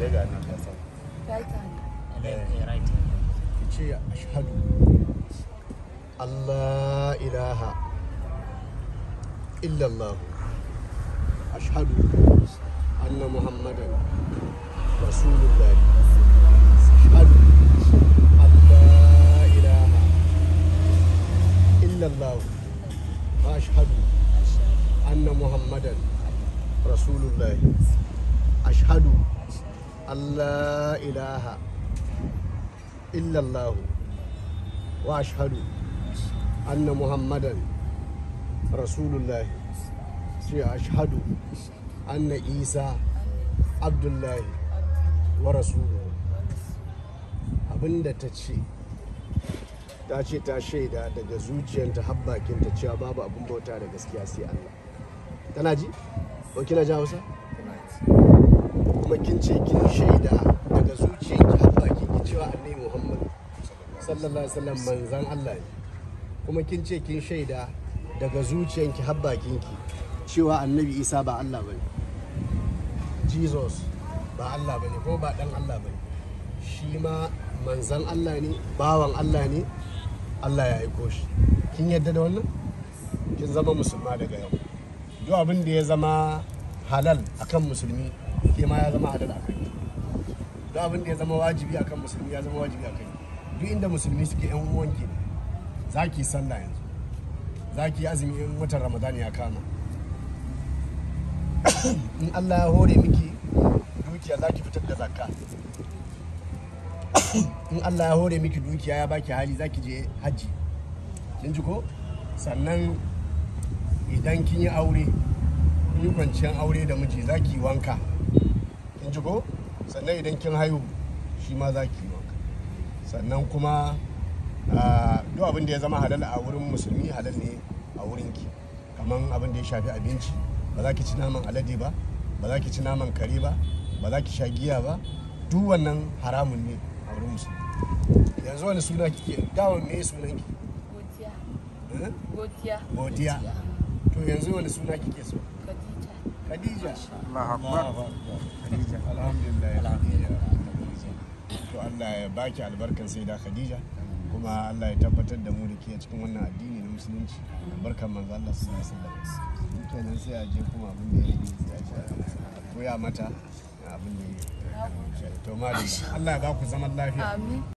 dai ga nan ta eh. eh, ki ce ilaha illallah ashadu anna muhammadan rasulullah ashadu. ilaha illallah anna muhammadan Allah ilaha illallahu wa ashhadu anna muhammadan rasulullahi sai ashhadu anna isa abdullahi wa rasuluhu abinda ta ce ta ce ta shaida daga zuciyarta har bakinta cewa babu abin bauta da gaskiya sai Allah tana ji ko kina ji Hausa kuma kin ce kin shaida daga zuciyarki har bakin ki cewa annabi Muhammad sallallahu alaihi wasallam manzon Allah ne kuma kin ce kin shaida daga zuciyanki har bakin ki cewa annabi Isa ba Allah bane Jesus ba Allah bane ko ba dan Allah bane shi ma manzan Allah ne bawan Allah ne Allah ya aiko shi kin yadda da wannan kin zama musulma daga yau duk abin da ya zama halal akan musulmi ke ma ya zama hadar a kai abin da ya zama wajibi akan musulmi ya zama wajibi a kai duk inda musulmi suke yan uwan ki za ki sallah yanzu za ki azumi in watan ramadani ya kama in Allah ya hore miki dukiya za ki fitar da zakka in Allah ya hore miki dukiya ya baki hali za ki je hajji kin ji ko sannan idan kin yi aure yi kwanciyar aure da miji za ki wanka kin ji ko sannan idan kin haihu shi ma za ki wanka sannan kuma duk abin da ya zama halal a wurin musulmi halal ne a wurin ki kamar abin da ya shafi abinci ba za ki ci naman alade ba ba za ki ci naman kare ba ba za ki sha giya ba duk wannan haramun ne a wurin musulmi yanzu wani suna kike dawon me sunan ki godiya eh? godiya to yanzu wani suna kike so Khadija. Allahu Akbar. Khadija. Alhamdulillah. Khadija. To Allah ya baki albarkan sai da Khadija. kuma Allah ya tabbatar da mu da ke cikin wannan addini na musulunci barkan manzo Allah sallallahu alaihi wasallam kenan sai a je kuma abin da ya rage sai a koya mata abin da ya to malama Allah ya ba ku zaman lafiya